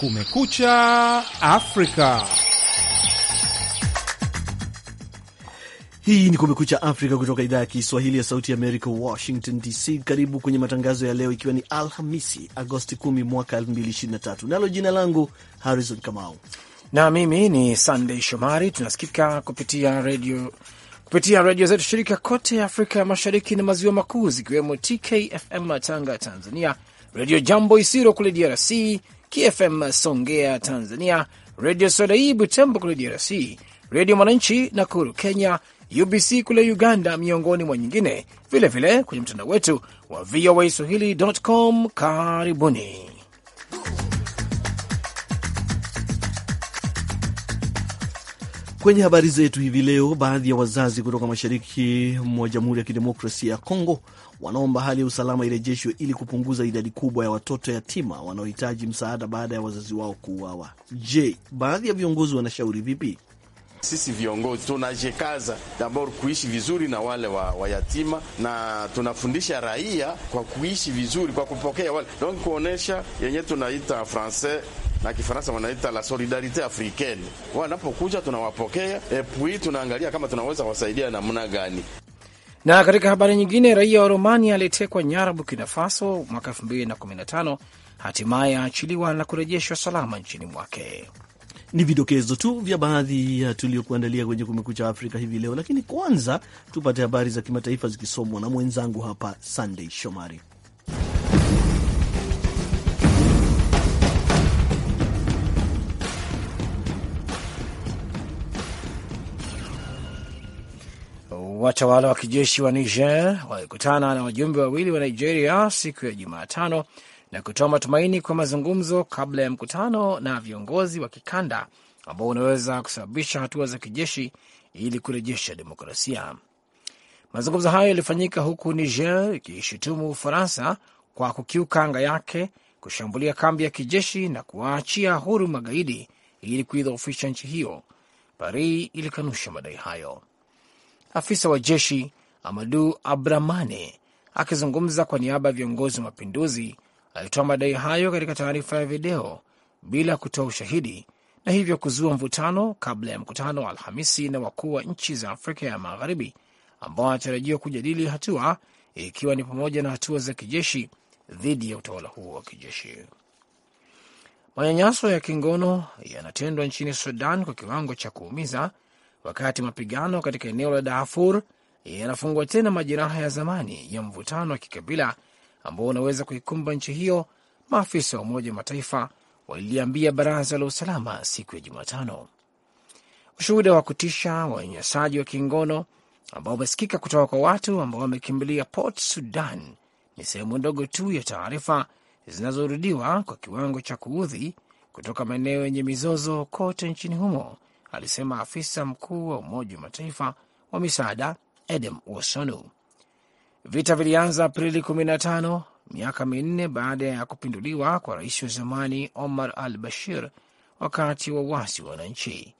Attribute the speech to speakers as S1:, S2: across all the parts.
S1: Kumekucha Afrika. Hii ni Kumekucha Afrika kutoka idhaa ya Kiswahili ya Sauti ya Amerika, Washington DC. Karibu kwenye matangazo ya leo, ikiwa ni Alhamisi Agosti 10
S2: mwaka 2023, nalo jina langu Harrison Kamau na mimi ni Sandey Shomari. Tunasikika kupitia redio kupitia redio zetu shirika kote Afrika ya Mashariki na Maziwa Makuu, zikiwemo TKFM Tanga Tanzania, Redio Jambo Isiro kule DRC, KFM Songea Tanzania, Redio sodai Butembo kule DRC, Redio Mwananchi Nakuru Kenya, UBC kule Uganda, miongoni mwa nyingine, vilevile kwenye mtandao wetu wa VOA Swahili.com. Karibuni.
S1: Kwenye habari zetu hivi leo, baadhi ya wazazi kutoka mashariki mwa Jamhuri ya Kidemokrasia ya Kongo wanaomba hali ya usalama irejeshwe ili kupunguza idadi kubwa ya watoto yatima wanaohitaji msaada baada ya wazazi wao kuuawa. Je, baadhi ya viongozi wanashauri vipi?
S3: Sisi viongozi tunajikaza dabor kuishi vizuri na wale wa, wa yatima na tunafundisha raia kwa kuishi vizuri, kwa kupokea wale donc kuonesha yenye tunaita francais na Kifaransa wanaita la solidarite africaine. Wanapokuja tunawapokea, epui tunaangalia kama tunaweza kuwasaidia namna gani.
S2: Na katika habari nyingine, raia wa Romania aliyetekwa nyara Burkina Faso mwaka 2015 hatimaye aachiliwa na kurejeshwa salama nchini mwake.
S1: Ni vidokezo tu vya baadhi ya tuliokuandalia kwenye Kumekucha Afrika hivi leo, lakini kwanza tupate habari za kimataifa zikisomwa na mwenzangu hapa Sandey Shomari.
S2: Watawala wa kijeshi wa Niger walikutana na wajumbe wawili wa Nigeria siku ya Jumatano na kutoa matumaini kwa mazungumzo kabla ya mkutano na viongozi wa kikanda ambao unaweza kusababisha hatua za kijeshi ili kurejesha demokrasia. Mazungumzo hayo yalifanyika huku Niger ikiishutumu Ufaransa kwa kukiuka anga yake, kushambulia kambi ya kijeshi na kuwaachia huru magaidi ili kuidhoofisha nchi hiyo. Paris ilikanusha madai hayo afisa wa jeshi Amadu Abramane akizungumza kwa niaba ya viongozi wa mapinduzi alitoa madai hayo katika taarifa ya video bila kutoa ushahidi na hivyo kuzua mvutano kabla ya mkutano wa Alhamisi na wakuu wa nchi za Afrika ya Magharibi ambao wanatarajiwa kujadili hatua ikiwa ni pamoja na hatua za kijeshi dhidi ya utawala huo wa kijeshi. Manyanyaso ya kingono yanatendwa nchini Sudan kwa kiwango cha kuumiza wakati mapigano katika eneo la Darfur yanafungwa tena majeraha ya zamani ya mvutano wa kikabila ambao unaweza kuikumba nchi hiyo, maafisa wa Umoja wa Mataifa waliliambia Baraza la Usalama siku ya Jumatano. Ushuhuda wa kutisha wa unyanyasaji wa kingono ambao umesikika kutoka kwa watu ambao wamekimbilia Port Sudan ni sehemu ndogo tu ya taarifa zinazorudiwa kwa kiwango cha kuudhi kutoka maeneo yenye mizozo kote nchini humo alisema afisa mkuu wa Umoja wa Mataifa wa misaada Edem Wasonu. Vita vilianza Aprili 15 miaka minne baada ya kupinduliwa kwa rais wa zamani Omar al Bashir wakati wa uasi wa wananchi.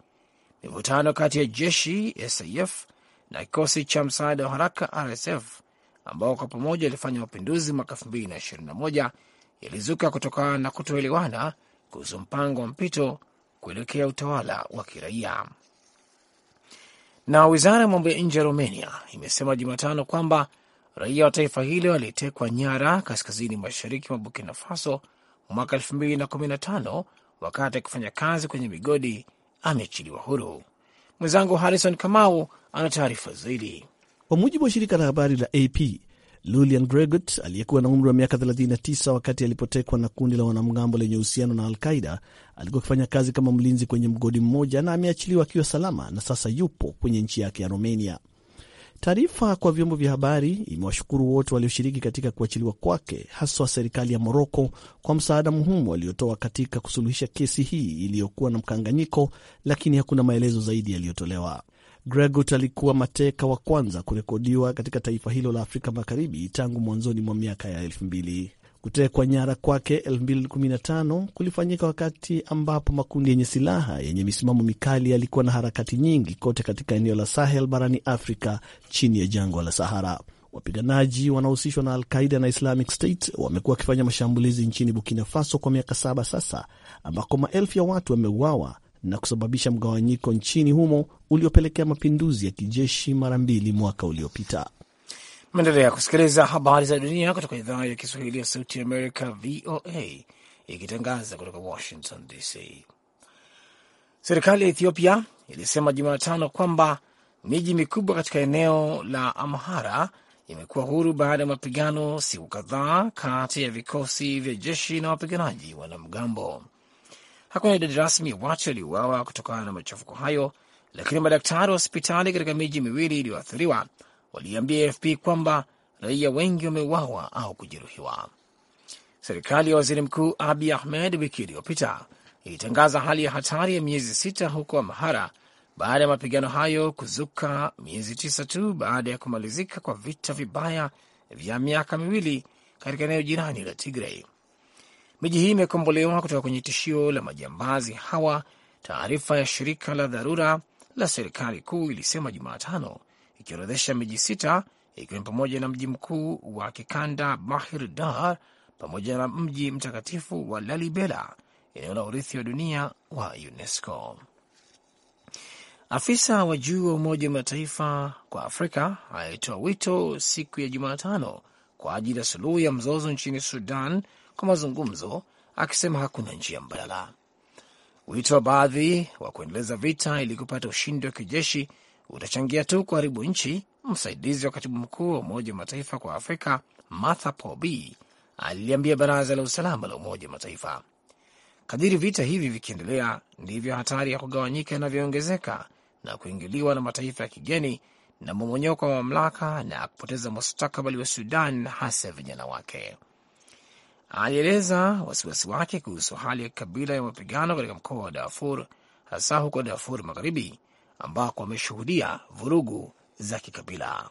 S2: Mivutano kati ya jeshi SAF na kikosi cha msaada wa haraka RSF ambao kwa pamoja ilifanya mapinduzi mwaka 2021 yalizuka kutokana na kutoelewana kuhusu mpango wa mpito kuelekea utawala wa kiraia. Na wizara ya mambo ya nje ya Romania imesema Jumatano kwamba raia wa taifa hilo aliyetekwa nyara kaskazini mashariki mwa Burkina Faso mwaka 2015 wakati akifanya kazi kwenye migodi ameachiliwa huru. Mwenzangu Harrison Kamau ana taarifa zaidi.
S1: Kwa mujibu wa shirika la habari la AP, Lulian Gregot aliyekuwa na umri wa miaka 39 wakati alipotekwa na kundi la wanamgambo lenye uhusiano na Alqaida alikuwa akifanya kazi kama mlinzi kwenye mgodi mmoja na ameachiliwa akiwa salama na sasa yupo kwenye nchi yake ya Romania. Taarifa kwa vyombo vya habari imewashukuru wote walioshiriki katika kuachiliwa kwake, haswa serikali ya Moroko kwa msaada muhimu waliotoa katika kusuluhisha kesi hii iliyokuwa na mkanganyiko, lakini hakuna maelezo zaidi yaliyotolewa. Gregut alikuwa mateka wa kwanza kurekodiwa katika taifa hilo la Afrika Magharibi tangu mwanzoni mwa miaka ya elfu mbili. Kutekwa nyara kwake 2015 kulifanyika wakati ambapo makundi yenye silaha yenye misimamo mikali yalikuwa na harakati nyingi kote katika eneo la Sahel barani Afrika chini ya jangwa la Sahara. Wapiganaji wanaohusishwa na Alqaida na Islamic State wamekuwa wakifanya mashambulizi nchini Burkina Faso kwa miaka saba sasa, ambako maelfu ya watu wameuawa na kusababisha mgawanyiko nchini humo uliopelekea mapinduzi ya kijeshi mara mbili mwaka uliopita.
S2: Meendelea kusikiliza habari za dunia kutoka idhaa ya Kiswahili ya Sauti ya Amerika, VOA, ikitangaza kutoka Washington DC. Serikali ya Ethiopia ilisema Jumatano kwamba miji mikubwa katika eneo la Amhara imekuwa huru baada ya mapigano siku kadhaa kati ya vikosi vya jeshi na wapiganaji wanamgambo. Hakuna idadi rasmi ya watu waliouawa kutokana na machafuko hayo, lakini madaktari wa hospitali katika miji miwili iliyoathiriwa waliambia AFP kwamba raia wengi wameuawa au kujeruhiwa. Serikali ya waziri mkuu Abi Ahmed wiki iliyopita ilitangaza hali ya hatari ya miezi sita huko Amhara baada ya mapigano hayo kuzuka miezi tisa tu baada ya kumalizika kwa vita vibaya vya miaka miwili katika eneo jirani la Tigrei. Miji hii imekombolewa kutoka kwenye tishio la majambazi hawa, taarifa ya shirika la dharura la serikali kuu ilisema Jumatano, ikiorodhesha miji sita ikiwa ni pamoja na mji mkuu wa kikanda Bahir Dar pamoja na mji mtakatifu wa Lalibela, eneo la urithi wa dunia wa UNESCO. Afisa wa juu wa Umoja wa Mataifa kwa Afrika alitoa wito siku ya Jumatano kwa ajili ya suluhu ya mzozo nchini Sudan kwa mazungumzo, akisema hakuna njia mbadala. Wito wa baadhi wa kuendeleza vita ili kupata ushindi wa kijeshi utachangia tu kuharibu nchi. Msaidizi wa katibu mkuu wa Umoja wa Mataifa kwa Afrika Martha Pobi aliliambia Baraza la Usalama la Umoja wa Mataifa, kadiri vita hivi vikiendelea, ndivyo hatari ya kugawanyika inavyoongezeka na kuingiliwa na mataifa ya kigeni na mmomonyoko wa mamlaka na kupoteza mustakabali wa Sudan, hasa vijana wake alieleza wasiwasi wake kuhusu hali ya kikabila ya mapigano katika mkoa wa Darfur, hasa huko Darfur Magharibi ambako wameshuhudia vurugu za kikabila.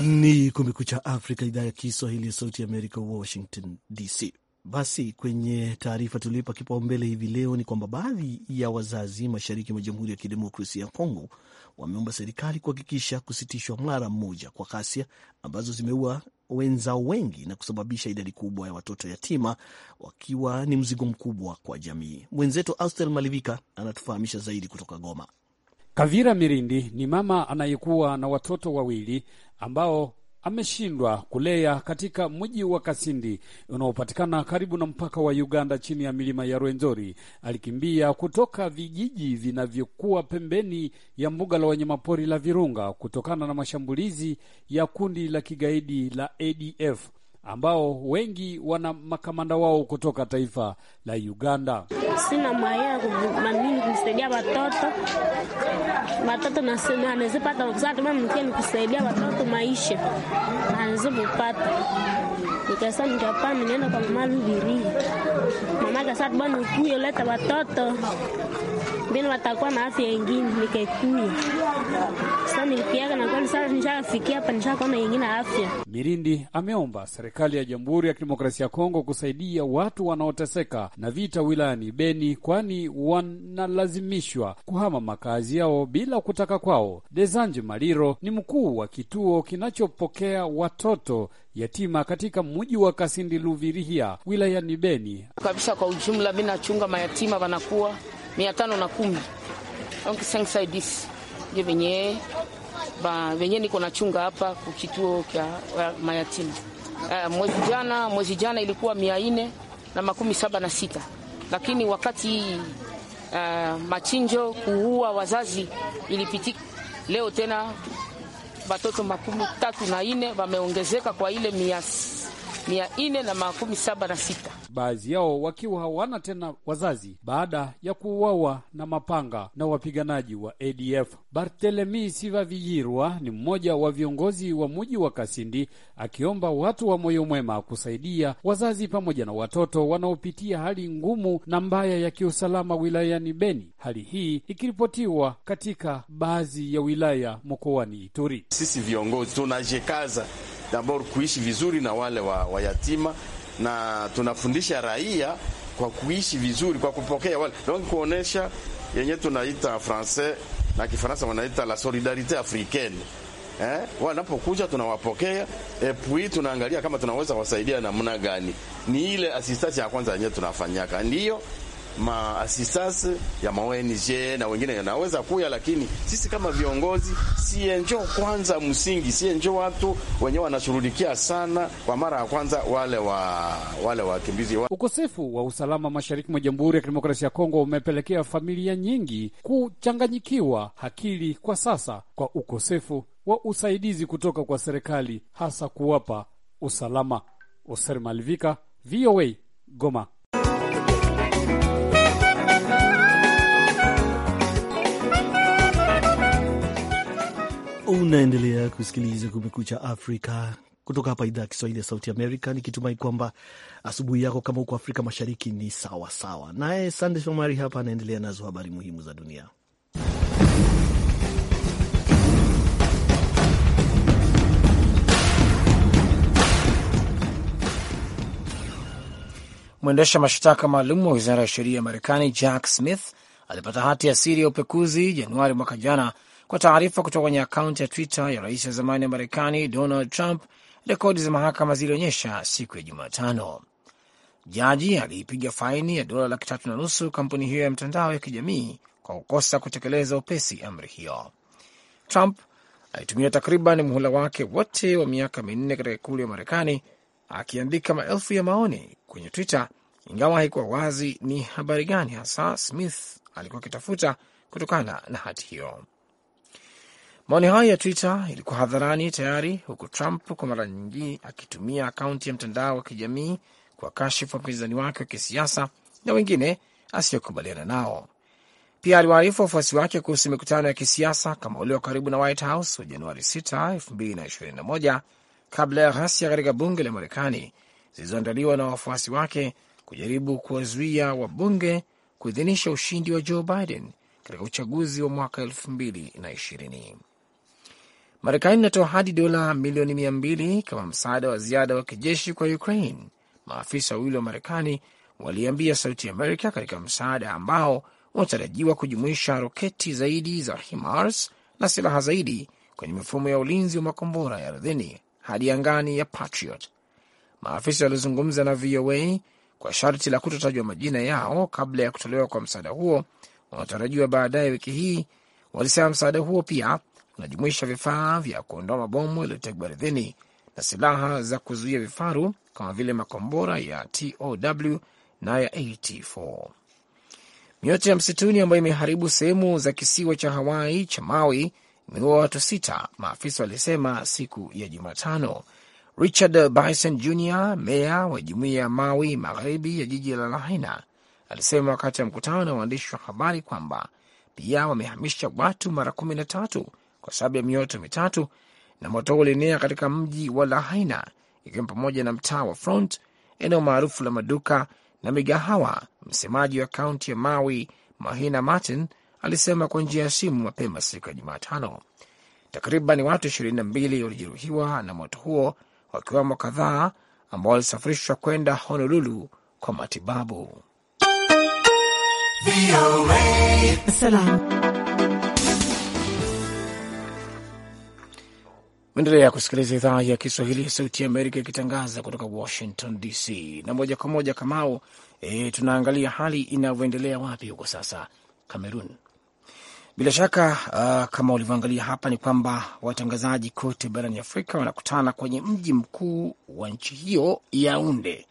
S1: Ni Kumekucha Afrika, idhaa ya Kiswahili ya Sauti ya Amerika, Washington DC. Basi kwenye taarifa tulioipa kipaumbele hivi leo ni kwamba baadhi ya wazazi mashariki mwa Jamhuri ya Kidemokrasia ya Kongo wameomba serikali kuhakikisha kusitishwa mara mmoja kwa ghasia ambazo zimeua wenzao wengi na kusababisha idadi kubwa ya watoto yatima wakiwa ni mzigo mkubwa kwa jamii. Mwenzetu Austel Malivika anatufahamisha zaidi kutoka Goma.
S4: Kavira Mirindi ni mama anayekuwa na watoto wawili ambao ameshindwa kulea katika mji wa Kasindi unaopatikana karibu na mpaka wa Uganda chini ya milima ya Rwenzori. Alikimbia kutoka vijiji vinavyokuwa pembeni ya mbuga la wanyamapori la Virunga kutokana na mashambulizi ya kundi la kigaidi la ADF ambao wengi wana makamanda wao kutoka taifa la Uganda.
S5: Sina maya manini kusaidia watoto watoto, nasema anazipata mzazi mke watoto maisha anazipata nikasa nikapaa nienda kwa mama Lubiria, mama kasabani kuyo leta watoto vile watakuwa na afya ingine, nikaikuya sasa. Nilipiaga na kweli sasa, nishafikia hapa, nishakuwa na ingine afya.
S4: Mirindi ameomba serikali ya Jamhuri ya Kidemokrasia ya Kongo kusaidia watu wanaoteseka na vita wilayani Beni, kwani wanalazimishwa kuhama makazi yao bila kutaka kwao. Desanji Maliro ni mkuu wa kituo kinachopokea watoto yatima katika mji wa Kasindi Luvirihia wilayani Beni.
S5: Kabisa kwa ujumla, mi nachunga mayatima wanakuwa mia tano na kumi saidizi ndio venye ba venye niko chunga hapa kukituo kya mayatima. Ah, mwezi jana mwezi jana ilikuwa mia nne na makumi saba na sita lakini wakati uh, machinjo kuua wazazi ilipitika. Leo tena watoto makumi tatu na nne wameongezeka kwa ile mia nne na makumi saba na sita
S4: baadhi yao wakiwa hawana tena wazazi baada ya kuuawa na mapanga na wapiganaji wa ADF. bartelemi sivavijirwa ni mmoja wa viongozi wa muji wa Kasindi, akiomba watu wa moyo mwema kusaidia wazazi pamoja na watoto wanaopitia hali ngumu na mbaya ya kiusalama wilayani Beni, hali hii ikiripotiwa katika baadhi ya wilaya mkoani
S3: Ituri. Sisi viongozi tunajikaza dabor kuishi vizuri na wale wa, wa yatima na tunafundisha raia kwa kuishi vizuri, kwa kupokea wale donc kuonesha yenye tunaita francais na Kifaransa wanaita la solidarite africaine. Eh, wanapokuja tunawapokea, epui tunaangalia kama tunaweza wasaidia namna gani. Ni ile asistansi ya kwanza yenye tunafanyaka, ndio maasistance ya ma ONG na wengine yanaweza kuya, lakini sisi kama viongozi sie kwanza msingi, sienjo watu wenye wanashughulikia sana kwa mara ya kwanza wale wa wale wakimbizi wa.
S4: Ukosefu wa usalama mashariki mwa Jamhuri ya Kidemokrasia ya Kongo umepelekea familia nyingi kuchanganyikiwa akili kwa sasa kwa ukosefu wa usaidizi kutoka kwa serikali hasa kuwapa usalama. Oser malivika VOA, Goma.
S1: Unaendelea kusikiliza Kumekucha Afrika kutoka hapa idhaa ya Kiswahili ya Sauti Amerika, nikitumai kwamba asubuhi yako kama huko Afrika Mashariki ni sawa sawa. Naye Sande Shomari hapa anaendelea nazo habari muhimu za dunia.
S2: Mwendesha mashtaka maalum wa wizara ya sheria ya Marekani Jack Smith alipata hati ya siri ya upekuzi Januari mwaka jana kwa taarifa kutoka kwenye akaunti ya Twitter ya rais wa zamani wa Marekani Donald Trump, rekodi za mahakama zilionyesha siku ya Jumatano jaji aliipiga faini ya dola laki tatu na nusu kampuni hiyo ya mtandao ya kijamii kwa kukosa kutekeleza upesi amri hiyo. Trump alitumia takriban muhula wake wote wa miaka minne katika ikulu ya Marekani akiandika maelfu ya maoni kwenye Twitter, ingawa haikuwa wazi ni habari gani hasa Smith alikuwa akitafuta kutokana na hati hiyo. Maoni hayo ya Twitter ilikuwa hadharani tayari, huku Trump kwa mara nyingi akitumia akaunti ya mtandao wa kijamii kwa kashifu mpinzani wake wa kisiasa na wengine asiyokubaliana nao. Pia aliwaarifu wafuasi wake kuhusu mikutano ya kisiasa kama ulio karibu na White House wa Januari 6, 2021 kabla ya ghasia katika bunge la Marekani zilizoandaliwa na wafuasi wake kujaribu kuwazuia wabunge kuidhinisha ushindi wa Joe Biden katika uchaguzi wa mwaka 2020. Marekani inatoa hadi dola milioni mia mbili kama msaada wa ziada wa kijeshi kwa Ukraine, maafisa wawili wa Marekani waliambia Sauti Amerika, katika msaada ambao unatarajiwa kujumuisha roketi zaidi za HIMARS na silaha zaidi kwenye mifumo ya ulinzi wa makombora ya ardhini hadi angani ya Patriot. Maafisa waliozungumza na VOA kwa sharti la kutotajwa majina yao kabla ya kutolewa kwa msaada huo unaotarajiwa baadaye wiki hii, walisema msaada huo pia unajumuisha vifaa vya kuondoa mabomu yaliyotegwa ardhini na silaha za kuzuia vifaru kama vile makombora ya TOW na ya AT4. Mioto ya msituni ambayo imeharibu sehemu za kisiwa cha Hawaii cha Maui imeua watu sita, maafisa walisema siku ya Jumatano. Richard Bison Jr, meya wa jumuiya ya Maui magharibi ya jiji la Lahaina, alisema wakati wa mkutano na waandishi wa habari kwamba pia wamehamisha watu mara kumi na tatu kwa sababu ya mioto mitatu, na moto huo ulienea katika mji wa Lahaina, ikiwemo pamoja na mtaa wa Front, eneo maarufu la maduka na migahawa. Msemaji wa kaunti ya Mawi, Mahina Martin, alisema kwa njia ya simu mapema siku ya Jumatano takriban watu 22 walijeruhiwa na moto huo, wakiwemo kadhaa ambao walisafirishwa kwenda Honolulu kwa matibabu. Maendelea kusikiliza idhaa ya Kiswahili ya Sauti ya Amerika ikitangaza kutoka Washington DC na moja kwa moja kamao. E, tunaangalia hali inavyoendelea wapi huko sasa Kamerun. Bila shaka uh, kama ulivyoangalia hapa ni kwamba watangazaji kote barani Afrika wanakutana kwenye mji mkuu wa nchi hiyo Yaunde,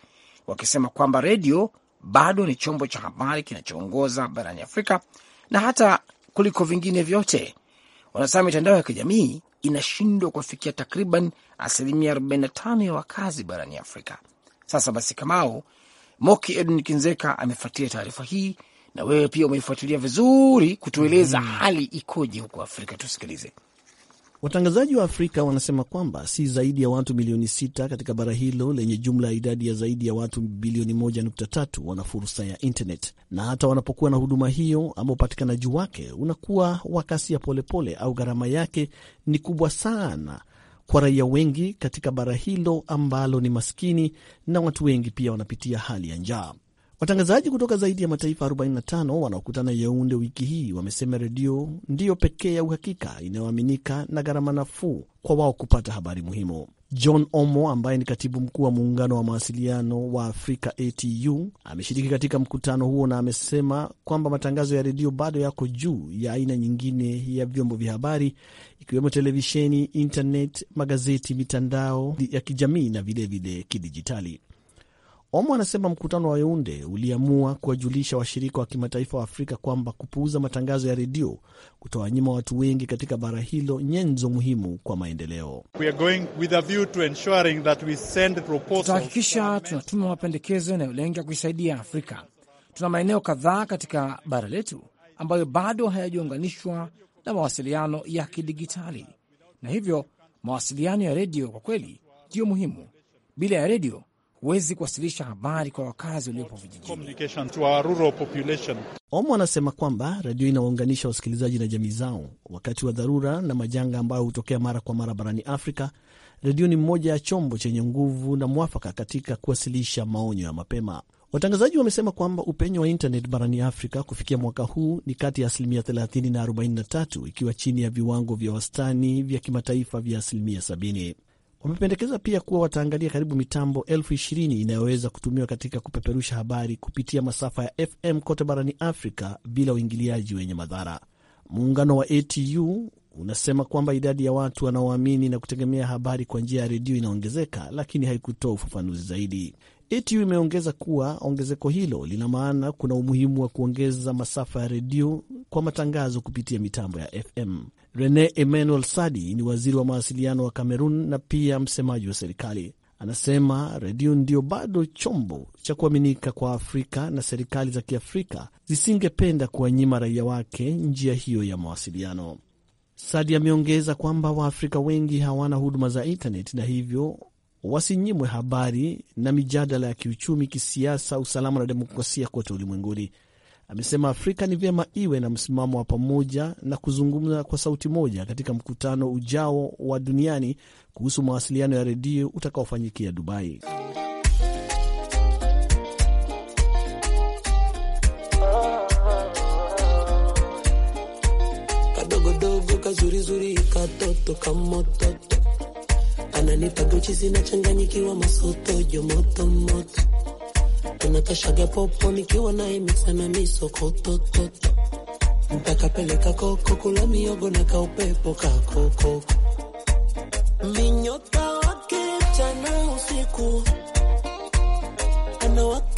S2: wakisema kwamba redio bado ni chombo cha habari kinachoongoza barani Afrika na hata kuliko vingine vyote. Wanasema mitandao ya kijamii inashindwa kuwafikia takriban asilimia 45 ya wakazi barani Afrika. Sasa basi, Kamao Moki Edwin Kinzeka amefuatilia taarifa hii na wewe pia umeifuatilia vizuri kutueleza mm, hali ikoje huko Afrika. Tusikilize.
S1: Watangazaji wa Afrika wanasema kwamba si zaidi ya watu milioni sita katika bara hilo lenye jumla ya idadi ya zaidi ya watu bilioni 1.3 wana fursa ya internet, na hata wanapokuwa na huduma hiyo ama upatikanaji wake unakuwa wa kasi ya polepole au gharama yake ni kubwa sana kwa raia wengi katika bara hilo ambalo ni maskini na watu wengi pia wanapitia hali ya njaa. Watangazaji kutoka zaidi ya mataifa 45 wanaokutana Yeunde wiki hii wamesema redio ndiyo pekee ya uhakika inayoaminika na gharama nafuu kwa wao kupata habari muhimu. John Omo ambaye ni katibu mkuu wa muungano wa mawasiliano wa Afrika ATU ameshiriki katika mkutano huo na amesema kwamba matangazo ya redio bado yako juu ya aina nyingine ya vyombo vya habari ikiwemo televisheni, internet, magazeti, mitandao ya kijamii na vilevile kidijitali. Omo anasema mkutano wa Yaunde uliamua kuwajulisha washirika wa kimataifa wa Afrika kwamba kupuuza matangazo ya redio kutawanyima watu wengi katika bara hilo nyenzo muhimu kwa maendeleo. Tutahakikisha
S2: tunatuma mapendekezo yanayolenga kuisaidia Afrika. Tuna maeneo kadhaa katika bara letu ambayo bado hayajaunganishwa na mawasiliano ya kidigitali, na hivyo mawasiliano ya redio kwa kweli ndiyo muhimu. Bila ya redio huwezi kuwasilisha habari kwa wakazi waliopo vijijini. Omo
S1: anasema kwamba redio inawaunganisha wasikilizaji na jamii zao wakati wa dharura na majanga ambayo hutokea mara kwa mara barani Afrika. Redio ni mmoja ya chombo chenye nguvu na mwafaka katika kuwasilisha maonyo ya mapema. Watangazaji wamesema kwamba upenyo wa intanet barani Afrika kufikia mwaka huu ni kati ya asilimia 30 na 43, ikiwa chini ya viwango vya wastani vya kimataifa vya asilimia 70. Wamependekeza pia kuwa wataangalia karibu mitambo elfu ishirini inayoweza kutumiwa katika kupeperusha habari kupitia masafa ya FM kote barani Afrika bila uingiliaji wenye madhara. Muungano wa ATU unasema kwamba idadi ya watu wanaoamini na kutegemea habari kwa njia ya redio inaongezeka, lakini haikutoa ufafanuzi zaidi. ATU imeongeza kuwa ongezeko hilo lina maana kuna umuhimu wa kuongeza masafa ya redio kwa matangazo kupitia mitambo ya FM. Rene Emmanuel Sadi ni waziri wa mawasiliano wa cameron na pia msemaji wa serikali. Anasema redio ndio bado chombo cha kuaminika kwa Afrika na serikali za Kiafrika zisingependa kuwanyima raia wake njia hiyo ya mawasiliano. Sadi ameongeza kwamba Waafrika wengi hawana huduma za intaneti na hivyo wasinyimwe habari na mijadala ya kiuchumi, kisiasa, usalama na demokrasia kote ulimwenguni. Amesema Afrika ni vyema iwe na msimamo wa pamoja na kuzungumza kwa sauti moja katika mkutano ujao wa duniani kuhusu mawasiliano ya redio utakaofanyikia Dubai. Kadogodogo kazurizuri katoto
S5: kamototo ananipa Gucci zinachanganyikiwa masotojo moto moto, tunakashaga popo nikiwa naye mixa na misokototo, ntakapeleka koko kula miogo na kaupepo kakokoko,
S1: minyota wake chana usiku anawaka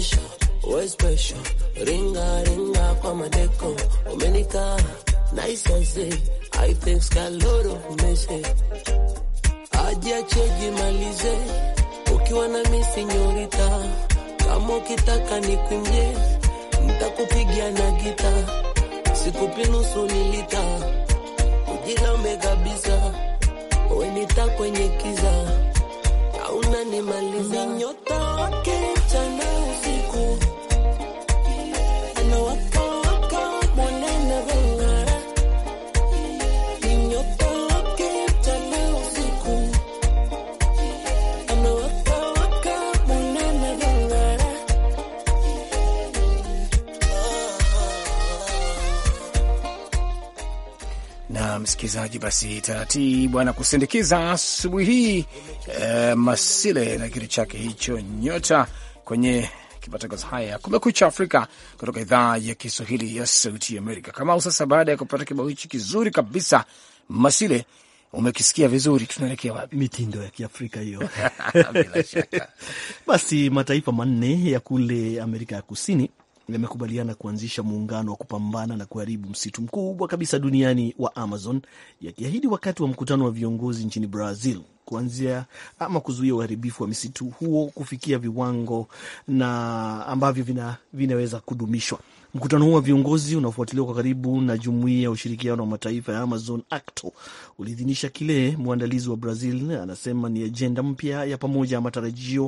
S1: special, we special. Ringa ringa kwa madeko. Umenika
S3: nice and sick. I think a lot of message. Aje cheji malize. Ukiwa na misi nyorita. Kama
S1: ukitaka nikuimbie, nitakupigia na gita. Sikupi nusu nilita.
S2: msikilizaji, basi taratibu anakusindikiza asubuhi hii e, Masile na kitu chake hicho nyota kwenye matangazo haya Kumekucha Afrika kutoka idhaa ya Kiswahili ya Sauti Amerika. au sasa baada ya kupata kibao hichi kizuri kabisa, Masile, umekisikia vizuri, tunaelekea wapi?
S1: Mitindo ya Kiafrika hiyo bila shaka. Basi mataifa manne ya kule Amerika ya Kusini yamekubaliana kuanzisha muungano wa kupambana na kuharibu msitu mkubwa kabisa duniani wa Amazon, yakiahidi wakati wa mkutano wa viongozi nchini Brazil kuanzia ama kuzuia uharibifu wa misitu huo kufikia viwango na ambavyo vina, vinaweza kudumishwa. Mkutano huu wa viongozi unaofuatiliwa kwa karibu na jumuiya ya ushirikiano wa mataifa ya Amazon ACTO uliidhinisha kile mwandalizi wa Brazil anasema ni ajenda mpya ya pamoja ya matarajio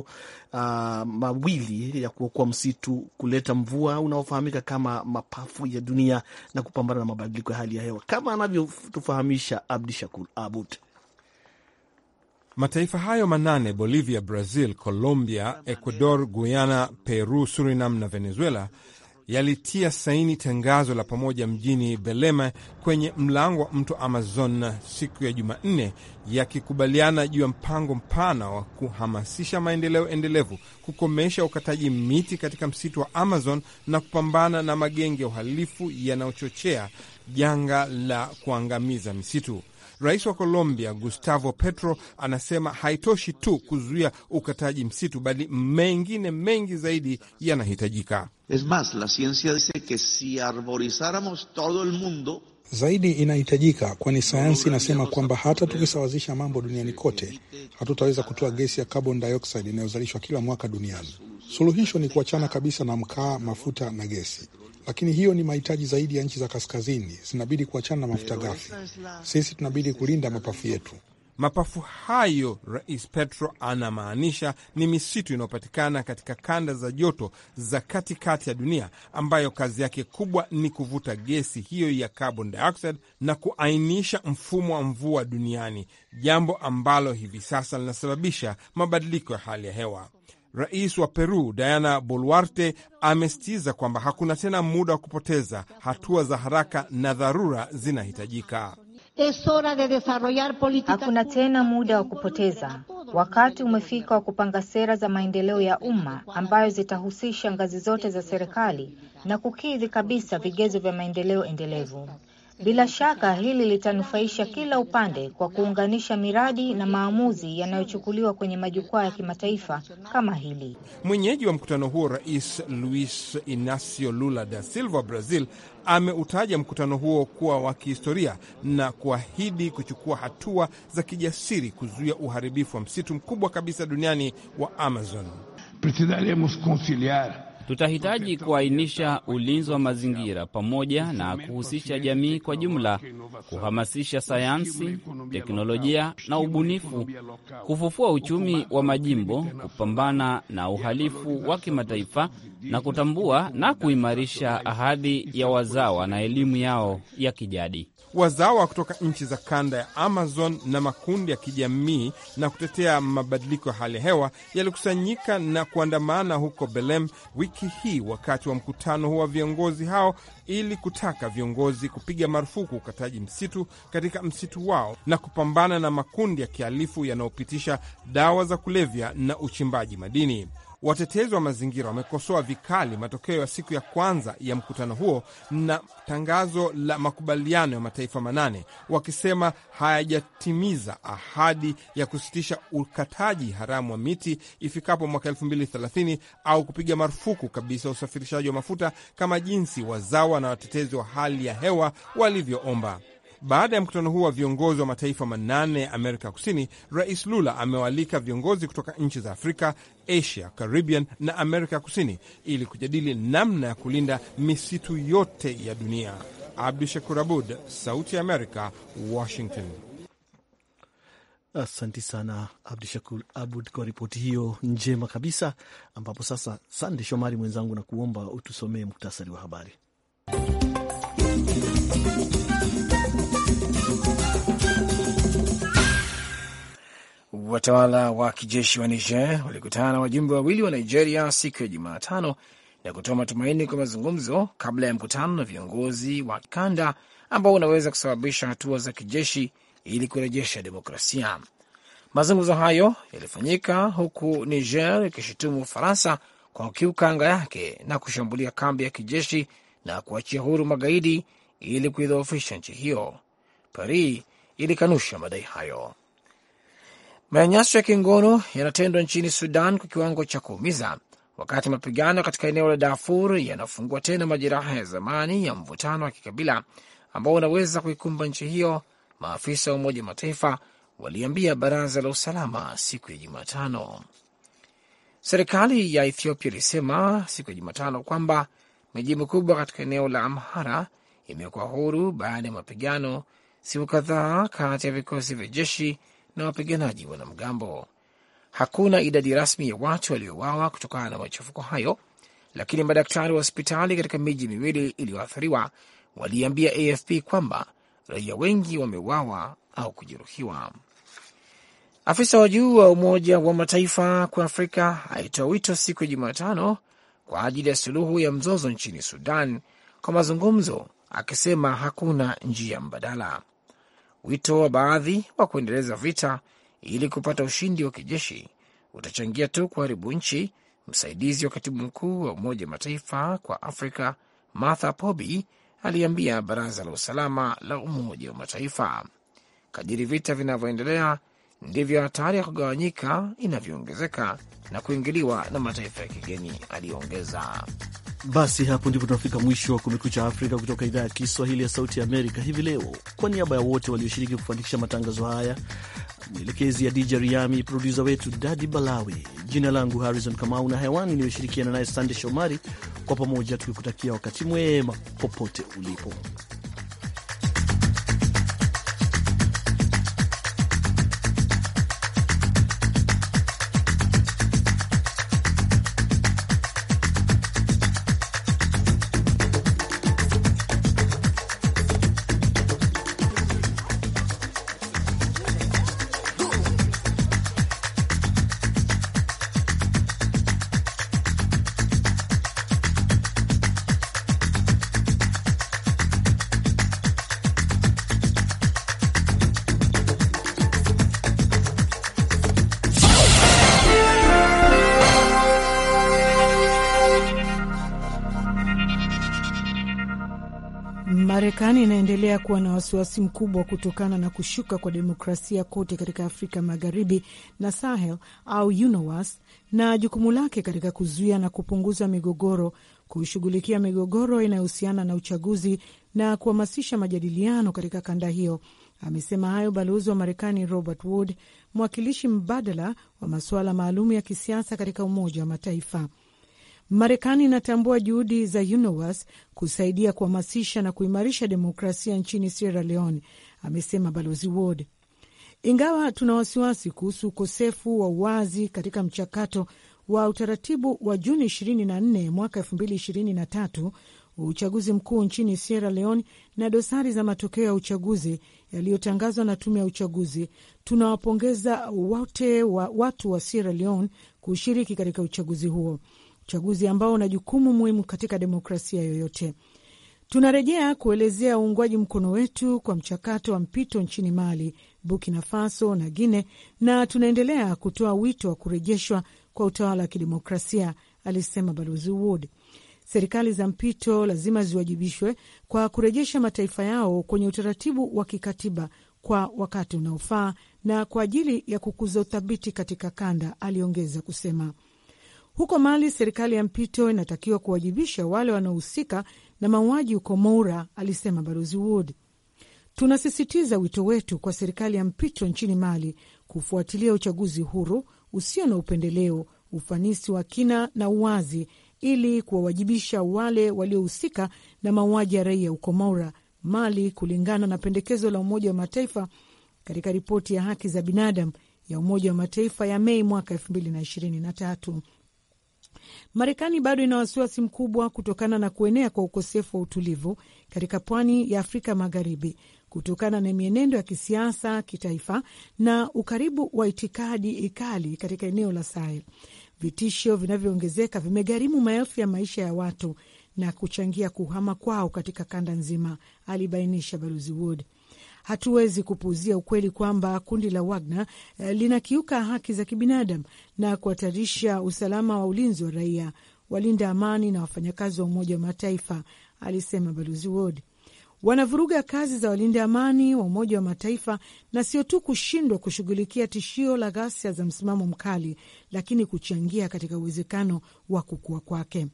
S1: uh, mawili ya kuokoa msitu, kuleta mvua unaofahamika kama mapafu ya dunia na kupambana na mabadiliko ya hali ya hewa, kama anavyotufahamisha Abdi Shakur Abud.
S6: Mataifa hayo manane Bolivia, Brazil, Colombia, Ecuador, Guyana, Peru, Surinam na Venezuela yalitia saini tangazo la pamoja mjini Belema kwenye mlango wa mto Amazon siku ya Jumanne, yakikubaliana juu ya mpango mpana wa kuhamasisha maendeleo endelevu, kukomesha ukataji miti katika msitu wa Amazon na kupambana na magenge ya uhalifu yanayochochea janga la kuangamiza misitu. Rais wa Colombia Gustavo Petro anasema haitoshi tu kuzuia ukataji msitu, bali mengine mengi zaidi
S1: yanahitajika. Es mas la ciencia dice que si arborizaramos todo el mundo
S6: zaidi inahitajika, kwani sayansi inasema kwamba hata tukisawazisha mambo duniani kote hatutaweza kutoa gesi ya carbon dioxide inayozalishwa kila mwaka duniani. Suluhisho ni kuachana kabisa na mkaa, mafuta na gesi lakini hiyo ni mahitaji zaidi ya nchi za kaskazini, zinabidi kuachana na mafuta ghafi. Sisi tunabidi kulinda mapafu yetu. Mapafu hayo Rais Petro anamaanisha ni misitu inayopatikana katika kanda za joto za katikati ya dunia ambayo kazi yake kubwa ni kuvuta gesi hiyo ya carbon dioxide na kuainisha mfumo wa mvua duniani, jambo ambalo hivi sasa linasababisha mabadiliko ya hali ya hewa. Rais wa Peru Diana Boluarte amesitiza kwamba hakuna tena muda wa kupoteza, hatua za haraka na dharura zinahitajika.
S5: Hakuna tena muda wa kupoteza. Wakati umefika wa kupanga sera za maendeleo ya umma ambayo zitahusisha ngazi zote za serikali na kukidhi kabisa vigezo vya maendeleo endelevu. Bila shaka hili litanufaisha kila upande kwa kuunganisha miradi na maamuzi yanayochukuliwa kwenye majukwaa ya kimataifa kama hili.
S6: Mwenyeji wa mkutano huo, Rais Luis Inacio Lula da Silva wa Brazil, ameutaja mkutano huo kuwa wa kihistoria na kuahidi kuchukua hatua za kijasiri kuzuia uharibifu wa msitu mkubwa kabisa duniani wa Amazon.
S3: precisaremos
S6: conciliar Tutahitaji kuainisha ulinzi wa mazingira pamoja na kuhusisha jamii
S4: kwa jumla, kuhamasisha sayansi, teknolojia na ubunifu, kufufua uchumi wa majimbo, kupambana na uhalifu wa kimataifa na kutambua na kuimarisha ahadi ya wazawa na elimu yao ya
S6: kijadi. Wazawa kutoka nchi za kanda ya Amazon na makundi ya kijamii na kutetea mabadiliko ya hali ya hewa yalikusanyika na kuandamana huko Belem wiki wiki hii wakati wa mkutano wa viongozi hao ili kutaka viongozi kupiga marufuku ukataji msitu katika msitu wao na kupambana na makundi ya kihalifu yanayopitisha dawa za kulevya na uchimbaji madini. Watetezi wa mazingira wamekosoa vikali matokeo ya siku ya kwanza ya mkutano huo na tangazo la makubaliano ya mataifa manane, wakisema hayajatimiza ahadi ya kusitisha ukataji haramu wa miti ifikapo mwaka 2030 au kupiga marufuku kabisa usafirishaji wa mafuta kama jinsi wazawa na watetezi wa hali ya hewa walivyoomba. Baada ya mkutano huu wa viongozi wa mataifa manane ya Amerika Kusini, Rais Lula amewaalika viongozi kutoka nchi za Afrika, Asia, Caribbean na Amerika Kusini ili kujadili namna ya kulinda misitu yote ya dunia. Abdu Shakur Abud, Sauti ya Amerika, Washington.
S1: Asanti sana Abdu Shakur Abud kwa ripoti hiyo njema kabisa, ambapo sasa Sande Shomari mwenzangu na kuomba utusomee muktasari wa habari.
S2: Watawala wa kijeshi wa Niger walikutana na wajumbe wawili wa Nigeria siku ya Jumatano na kutoa matumaini kwa mazungumzo kabla ya mkutano na viongozi wa kanda ambao unaweza kusababisha hatua za kijeshi ili kurejesha demokrasia. Mazungumzo hayo yalifanyika huku Niger ikishutumu Ufaransa kwa kukiuka anga yake na kushambulia kambi ya kijeshi na kuachia huru magaidi ili kuidhoofisha nchi hiyo. Paris ilikanusha madai hayo. Manyanyaso ya kingono yanatendwa nchini Sudan kwa kiwango cha kuumiza, wakati mapigano katika eneo la Darfur yanafungua tena majeraha ya zamani ya mvutano wa kikabila ambao unaweza kuikumba nchi hiyo, maafisa wa Umoja wa Mataifa waliambia Baraza la Usalama siku ya Jumatano. Serikali ya Ethiopia ilisema siku ya Jumatano kwamba miji mikubwa katika eneo la Amhara imekuwa huru baada ya mapigano siku kadhaa kati ya vikosi vya jeshi na wapiganaji wanamgambo. Hakuna idadi rasmi ya watu waliowawa kutokana na machafuko hayo, lakini madaktari wa hospitali katika miji miwili iliyoathiriwa waliambia AFP kwamba raia wengi wameuawa au kujeruhiwa. Afisa wa juu wa Umoja wa Mataifa kwa Afrika alitoa wito siku ya Jumatano kwa ajili ya suluhu ya mzozo nchini Sudan kwa mazungumzo, akisema hakuna njia mbadala. Wito wa baadhi wa kuendeleza vita ili kupata ushindi wa kijeshi utachangia tu kuharibu nchi. Msaidizi wa katibu mkuu wa Umoja Mataifa kwa Afrika Martha Pobi aliambia Baraza la Usalama la Umoja wa Mataifa, kadiri vita vinavyoendelea ndivyo hatari ya kugawanyika inavyoongezeka na kuingiliwa na mataifa ya kigeni, aliyoongeza.
S1: Basi hapo ndipo tunafika mwisho wa Kumekucha Afrika kutoka idhaa ya Kiswahili ya Sauti ya Amerika hivi leo. Kwa niaba ya wote walioshiriki kufanikisha matangazo haya, mwelekezi ya DJ Riami, produsa wetu Dadi Balawi, jina langu Harrison Kamau na hewani niliyoshirikiana naye Sande Shomari, kwa pamoja tukikutakia wakati mwema popote ulipo.
S5: Marekani inaendelea kuwa na wasiwasi mkubwa kutokana na kushuka kwa demokrasia kote katika Afrika Magharibi na Sahel au UNOWAS na jukumu lake katika kuzuia na kupunguza migogoro, kushughulikia migogoro inayohusiana na uchaguzi na kuhamasisha majadiliano katika kanda hiyo. Amesema hayo balozi wa Marekani Robert Wood, mwakilishi mbadala wa masuala maalum ya kisiasa katika Umoja wa Mataifa. Marekani inatambua juhudi za UNOWAS kusaidia kuhamasisha na kuimarisha demokrasia nchini Sierra Leone, amesema Balozi Ward. Ingawa tuna wasiwasi kuhusu ukosefu wa uwazi katika mchakato wa utaratibu wa Juni 24 mwaka 2023 uchaguzi mkuu nchini Sierra Leone na dosari za matokeo ya uchaguzi yaliyotangazwa na tume ya uchaguzi, tunawapongeza wote wa watu wa Sierra Leone kushiriki katika uchaguzi huo uchaguzi ambao una jukumu muhimu katika demokrasia yoyote. Tunarejea kuelezea uungwaji mkono wetu kwa mchakato wa mpito nchini Mali, Burkina Faso na Guine, na tunaendelea kutoa wito wa kurejeshwa kwa utawala wa kidemokrasia, alisema Balozi Wood. Serikali za mpito lazima ziwajibishwe kwa kurejesha mataifa yao kwenye utaratibu wa kikatiba kwa wakati unaofaa na kwa ajili ya kukuza uthabiti katika kanda, aliongeza kusema. Huko Mali, serikali ya mpito inatakiwa kuwajibisha wale wanaohusika na mauaji huko Moura, alisema balozi Wood. Tunasisitiza wito wetu kwa serikali ya mpito nchini Mali kufuatilia uchaguzi huru usio na upendeleo, ufanisi wa kina na uwazi, ili kuwawajibisha wale waliohusika na mauaji ya raia huko Moura, Mali, kulingana na pendekezo la Umoja wa Mataifa katika ripoti ya haki za binadamu ya Umoja wa Mataifa ya Mei mwaka 2023. Marekani bado ina wasiwasi mkubwa kutokana na kuenea kwa ukosefu wa utulivu katika pwani ya Afrika Magharibi kutokana na mienendo ya kisiasa, kitaifa na ukaribu wa itikadi ikali katika eneo la Sahel. Vitisho vinavyoongezeka vimegharimu maelfu ya maisha ya watu na kuchangia kuhama kwao katika kanda nzima, alibainisha Balozi Wood. Hatuwezi kupuuzia ukweli kwamba kundi la Wagner eh, linakiuka haki za kibinadamu na kuhatarisha usalama wa ulinzi wa raia, walinda amani na wafanyakazi wa Umoja wa Mataifa, alisema Balozi Ward. Wanavuruga kazi za walinda amani wa Umoja wa Mataifa, na sio tu kushindwa kushughulikia tishio la ghasia za msimamo mkali, lakini kuchangia katika uwezekano wa kukua kwake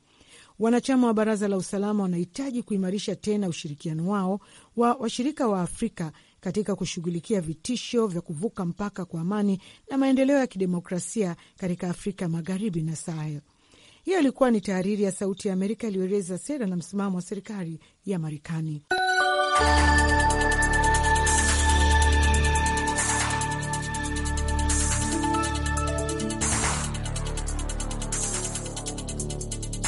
S5: wanachama wa Baraza la Usalama wanahitaji kuimarisha tena ushirikiano wao wa washirika wa Afrika katika kushughulikia vitisho vya kuvuka mpaka kwa amani na maendeleo ya kidemokrasia katika Afrika Magharibi na Sahel. Hiyo ilikuwa ni tahariri ya Sauti ya Amerika iliyoeleza sera na msimamo wa serikali ya Marekani.